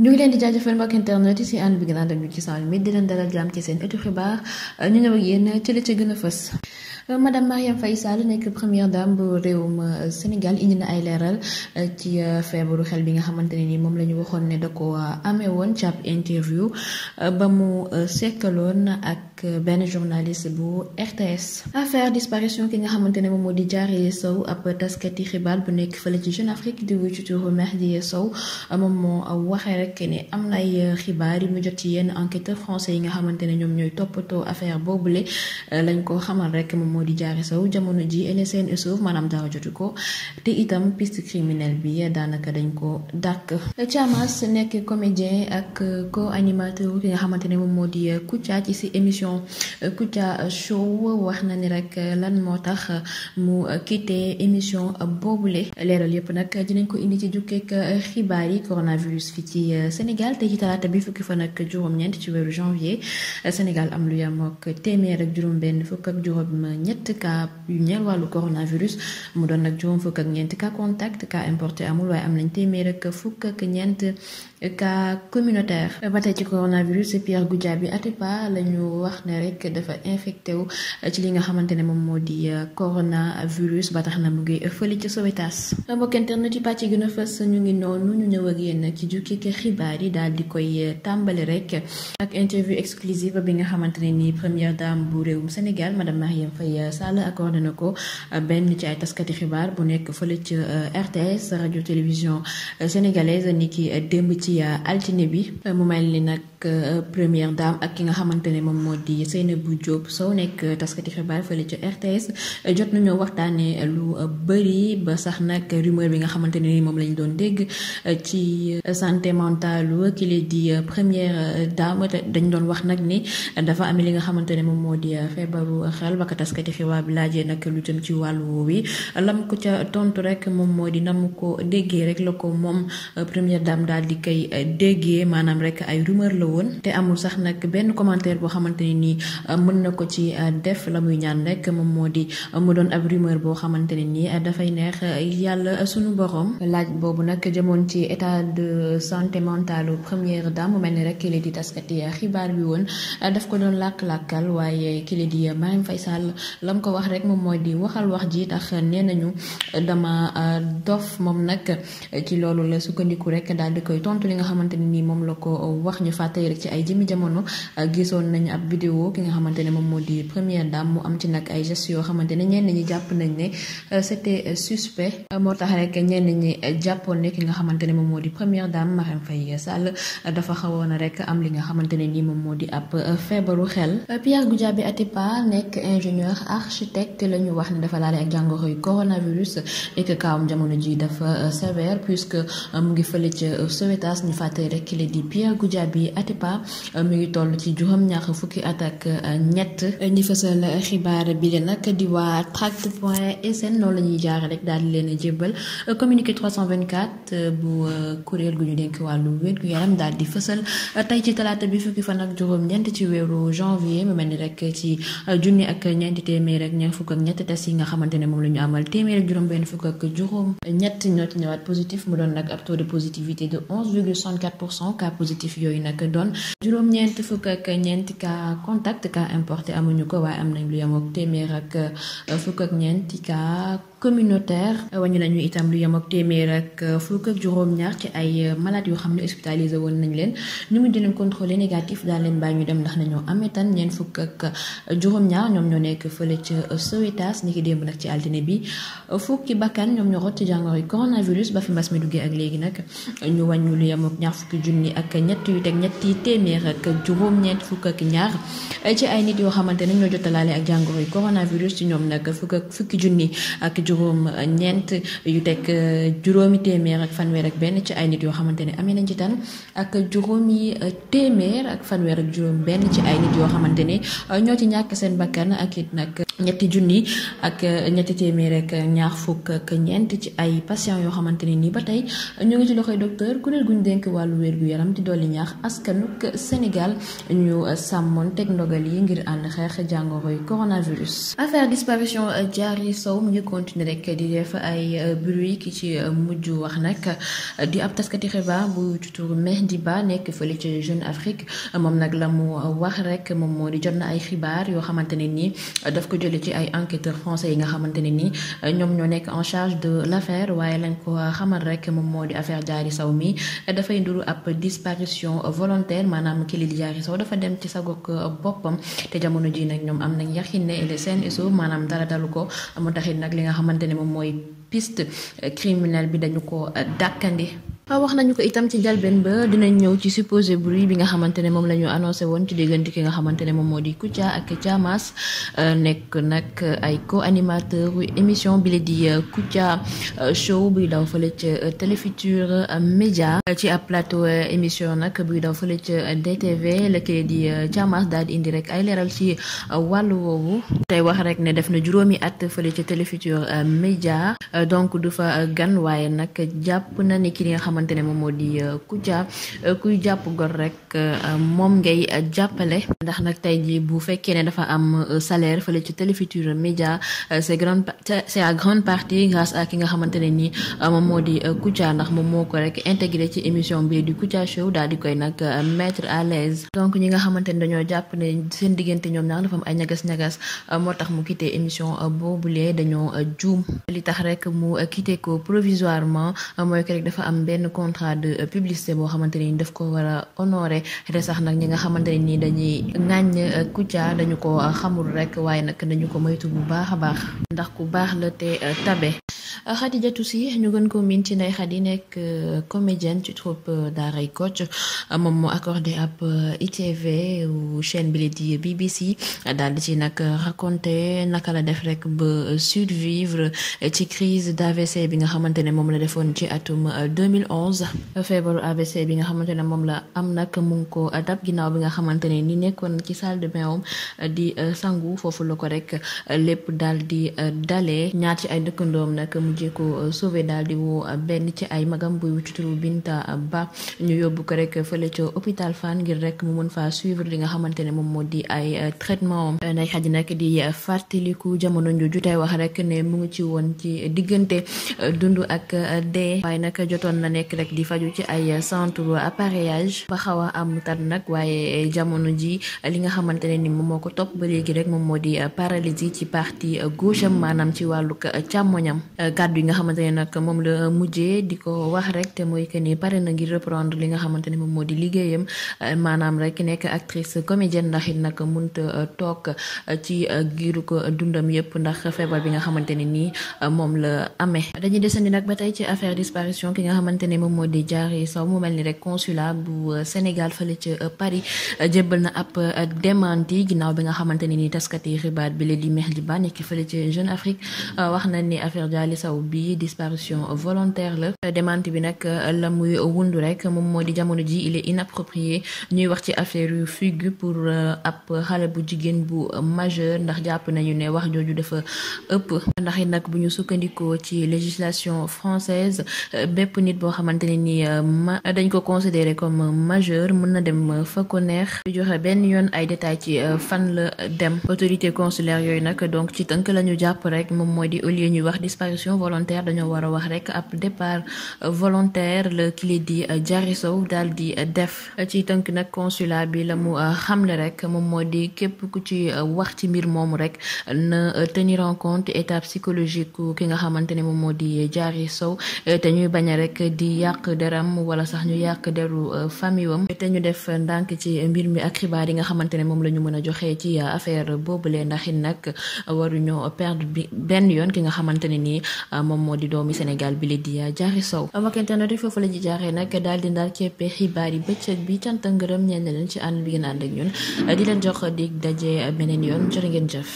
ñu ngi leen di jaajëfal mbokk internet yi si ànd bi gën a ànd ak ñu ci Sans Limites di leen dalal jàmm ci seen ëttu xibaar ñu ñëw ak yéen ci li ci gën a fës. madame Marième Faye nekk première dame bu réewum euh, Sénégal indi na ay leeral euh, ci euh, feebaru xel bi nga xamante ne ni moom la ñu waxoon ne da ko amee woon ci ab interview ba mu sekkaloon ak. ak benn journaliste bu RTS. affaire disparition ki nga xamante ne moom moo di Diarry Sow ab taskati xibaar bu nekk fële ci Jeune Afrique di wuyu ci turu Mahdi Sow moom moo waxee rek ne am na ay xibaar yu mu jot ci yenn enquêteurs français yi nga xamante ne ñoom ñooy toppatoo affaire boobule lañ ko xamal rek moom moo di Diarry Sow jamono ji LSN suuf maanaam dara jotu ko te itam piste criminelle bi daanaka dañ ko dàkk. Thiamas nekk comédien ak co-animateur ne moom moo di Kouthia émission Kouthia Show wax na ni rek lan moo tax mu quitté émission boobule leeral yëpp nag dinañ ko indi ci jukkeek xibaar yi coronavirus fi ci euh, Sénégal te ci talaata bi fukki fan ak juróom-ñeent ci weeru janvier euh, Sénégal am lu yam ak téeméer ak juróom-benn fukk ak juróom-ñett cas yu ñeel wàllu coronavirus mu doon nag juróom fukk ak ñeent cas contact cas importé amul waaye am nañ téeméer ak fukk ak ñeent cas communautaire ba ci coronavirus Pierre Goudiaby Atepa lañu wax tax ne rek dafa infecté wu ci li nga xamante ne moom moo di euh, coronavirus ba tax na mu ngi fële ca Sowétas mbokk internet yi pàcc gën a fës ñu ngi noonu ñu ñëw ak yéen ci jukki ki xibaar yi daal di koy euh, tàmbali rek ak interview exclusive bi nga xamante ni première dame bu réewum Sénégal madame Marième Faye euh, Sall accordé na ko benn ci ay taskati xibaar bu nekk fële ca RTS radio télévision sénégalaise ni ki démb ci altine bi mu mel ni nag première dame di Seynabou Diop Sow nekk taskati xibaar fële ca RTS jot nañoo waxtaanee lu bëri ba sax nag rumeur bi nga xamante ne ni moom lañ doon dégg ci santé mentale ki li di première dame dañ doon wax nag ni dafa am li nga xamante ne moom moo di feebaru xel ba ka taskati xibaar bi laajee nag lu jëm ci wàllu woowu lam ko ca tontu rek moom moo di nam ko déggee rek la ko moom première dame daal di koy déggee maanaam rek ay rumeur la woon te amul sax nag benn commentaire boo xamante ne nii euh, mën na ko ci euh, def la muy ñaan rek moom moo di euh, mu doon ab rumeur boo xamante ne nii dafay neex yàlla sunu borom laaj boobu nag jëmoon ci état de santé mentale première dame mu mel ni rek ki la di taskati xibaar bi woon daf ko doon làkk-làkkal waaye ki la di Marième Faye Sall lam ko wax rek moom moo di waxal wax ji tax nee nañu dama dof moom nag ci loolu la sukkandiku rek daal di koy tontu li nga xamante nii moom la ko wax ñu fàttali rek ci vidéo ki nga xamante ne moom moo di première dame mu am ci nag ay gestes yoo ne ñenn ñi jàpp nañ ne euh, c'était euh, suspect moo tax rek ñenn ñi jàppoon ne ki nga xamante ne moom moo di première dame Marème Faye Sall dafa xawoon rek am li nga xamante ne nii moom moo di ab euh, feebaru xel. Pierre Goudiaby Atepa nekk ingénieur architecte la ñu wax ne dafa laale ak jàngoro yu coronavirus et que kaawam jamono ji dafa sévère puisque mu ngi fële ca Sowétas ñu fàttali rek ki la di Pierre Goudiaby Atepa mi ngi at ak euh, ñett ñi fësal xibaar bi leen nag di waa tract point sn noonu la ñuy jaare rek daal di leen jébbal communiqué 324 euh, bu euh, kuréel gu ñu dénk wàllu wér gu yaram daal di fësal tey ci talaata bi fukki fan ak juróom-ñeent ci weeru janvier mu mel ni rek ci junni ak ñeenti téeméer ak ñeent fukk ak ñett test yi ne moom la ñu amal téeméer ak juróom-benn fukk ak juróom positif mu doon nag ab taux positivité de 11 virgule cent cas positif yooyu nag doon juróom-ñeent fukk ak ñeenti cas contact cas importé amuñu ko waaye am nañ lu yem ak téeméer ak euh, fukk ak ti cas communautaire wàññi nañu itam lu yem ak téeméer ak euh, fukk juróom-ñaar ci ay euh, malade yoo xam ne hospitalisé woon nañ leen ñu ngi di leen négatif daal leen bàyyi ñu dem ndax nañoo am itam ñeent fukk ak euh, juróom-ñaar ñoom ñoo nekk fële ca Sowétas ni ki démb nag ci altine bi fukki bakkan ñoom ñoo ci jàngoro yi coronavirus ba fi mi duggee ak léegi nag ñu wàññi lu yem ak ñaar fukki junni ak ñett ñetti téeméer ak juróom-ñeent fukk ak ñaar ci ay nit yoo xamante ne ñoo jotalaale ak jàngoro yi coronavirus ci ñoom nag fukk ak fukki junni ak juróom eh, ñeent yu teg eh, juróomi téeméer ak fanweer ak benn ci ay nit yoo xamante ne amee nañ ci tan ak juróomi eh, téeméer ak fanweer ak juróom benn ci ay nit yoo xamante ne ñoo ci ñàkk seen bakkan ak it nag ñetti junni ak ñetti téeméer ak ñaar fukk ñeent ci ay patients yoo xamante ne nii ba tey ñoo ngi ci loxoy docteur kuréel guñ ñu dénk wàllu wér gu yaram di dolli ñaax askanuk Sénégal ñu sàmmoon teg ndogal yi ngir ànd xeex jàngoroy coronavirus affaire disparition Diary Sow mu ngi continuer ni rek di def ay euh, bruit ki ci euh, mujj wax nag euh, di ab taskati xibaar bu tutur di Ba nekk fële ci Jeune Afrique moom nag la mu wax rek moom moo di jot na ay xibaar yoo xamante ne nii daf ko jële ci ay enquêteurs français yi nga xamante ne nii ñoom ñoo nekk en charge de l'affaire waaye lañ ko xamal rek moom moo di affaire Diary saw mii dafay nduru ab disparition volontaire maanaam kii di Diary Sow dafa dem ci sagok boppam te jamono ji nag ñoom am nañ yaxin ne seen isu maanaam dara dalu ko mu taxit nag li nga xamante ne moom mooy piste euh, criminelle bi dañu ko euh, dàkkandi Ah, wax nañu ko itam ci jalbeen ba dinañ ñëw ci supposé bruit bi nga xamante ne moom lañu ñu annoncé woon ci diggante ki nga xamante ne moom moo di Kouthia ak Thiamas euh, nekk nag ay co-animateur émission bi la di euh, Kouthia euh, show buy daw fële ca Télé Futurs Médias ci ab plateau émission nag buy daw fële ca DTV la di Thiamas daal di indi rek ay leeral ci wàllu woowu tey wax rek ne def na juróomi at fële ci Télé Futurs Médias donc du fa gan waaye nag jàpp na ni ki nga xamante xamante ne moom moo di euh, Kouthia euh, kuy jàpp gor rek euh, moom ngay jàppale ndax nag tey jii bu fekkee ne dafa am salaire fële ci Télé Futurs Médias c'est grande c'est à à ki nga xamante ne nii moom moo di Kouthia ndax moom moo ko rek intégré ci émission bi di Kouthia Show daal di koy nag mettre à l'aise donc ñi nga xamante ne dañoo jàpp ne seen diggante ñoom ñaar dafa am ay ñagas-ñagas moo tax mu quitté émission boobulee dañoo juum li tax rek mu quitté ko provisoirement mooy ko contrat de euh, publicité boo xamante ni daf ko war a honoré te sax nag ñi nga xamante ne nii dañuy ŋàññ euh, Kouthia dañu ko euh, xamul rek waaye nag dañu ko moytu bu baax a baax ndax ku baax la te tabe Euh, Khady Diatou ñu gën koo miin ci Ndeye Khady nekk euh, comédienne ci troupe euh, daaray Kocc moom mu accordé ab ITV ou chaîne bi di BBC daal di ci nag raconté naka la def rek ba survivre ci crise d'AVC bi nga xamante ne moom la defoon ci atum 2011 feebaru AVC bi nga xamante ne moom la am nag mu ngi ko dab ginnaaw bi nga xamante ne ni nekkoon ci salle de di sangu foofu la ko rek lépp dal di dalee ñaar ci ay dëkkandoom nag. mujjee ko euh, sauvé daal di woo euh, benn ci ay magam buy wutu turu Binta Ba ñu yóbbu ko rek fële ca hôpital fan ngir rek mu mën fa suivre li nga xamante ne moom moo di ay euh, traitement nday xaj nag di fàttaliku jamono ju tey wax rek ne mu ngi ci woon ci diggante dund ak dee waaye nag jotoon na nekk rek di faju ci ay centre appareillage ba xaw a am tan nag waaye jamono ji li nga xamante ne ni moom moo ko topp ba léegi rek moom moo di paralysie ci partie gauche am ci wàllug càmmoñam kàddu yi nga xamante ne nag moom la mujjee di ko wax rek te mooy que ni pare na ngir reprendre li nga xamante ne moom moo di liggéeyam maanaam rek nekk actrice comédienne ndax it nag munta toog ci giiru ko dundam yëpp ndax feebar bi nga xamante ne nii moom la amee. dañuy desandi nag ba tey ci affaire disparition ki nga xamante ne moom moo di Diary saw mu mel ni rek consulat bu Sénégal fële ci Paris jébbal na ab démenti ginnaaw bi nga xamante ne nii taskati xibaar bi la di Mehdi Ba nekk fële ca Jeune Afrique wax na ni affaire Diary Sow Sow bi disparition volontaire la démenti bi nag la muy wundu rek moom moo di jamono ji il est inapproprié ñuy wax ci affaire yu fugue pour euh, ab xale bu jigéen bu majeur ndax jàpp nañu ne wax jooju dafa ëpp ndax it nag bu ñu sukkandikoo ci législation française bépp nit boo xamante ne ni euh, ma dañ ko considéré comme majeur mën na dem fa ko neex di joxe benn yoon ay détails ci euh, fan la dem autorité consulaire yooyu nag donc ci tënk la jàpp rek moom mooy di au volontaire dañoo war a wax rek ab départ volontaire la ki di Diary Sow daal di def ci tënk nag consulat bi la mu euh, xamle rek moom moo di képp ku ci euh, wax ci mbir moomu rek na euh, tenir en compte état psychologique ki nga xamante ne moom moo di Diary Sow te ñuy bañ a rek di yàq deram wala sax ñu yàq deru famille wam te ñu def ndànk ci mbir mi ak xibaar yi nga xamante ne moom la ñu mën a joxe ci affaire boobule ndax it nag waruñoo perdre bi benn yoon ki nga xamante Ah, moom moo di doomi Sénégal bi la di Diary Sow ah, mbokkante na foofu la ji jaaree nag daal di ndaar keppe xibaar yi bëccëg bi cant ak ngërëm ñeen leen ci ànd bi ngeen ànd ak ñun ah, di leen jox di daje beneen yoon jërë ngeen jëf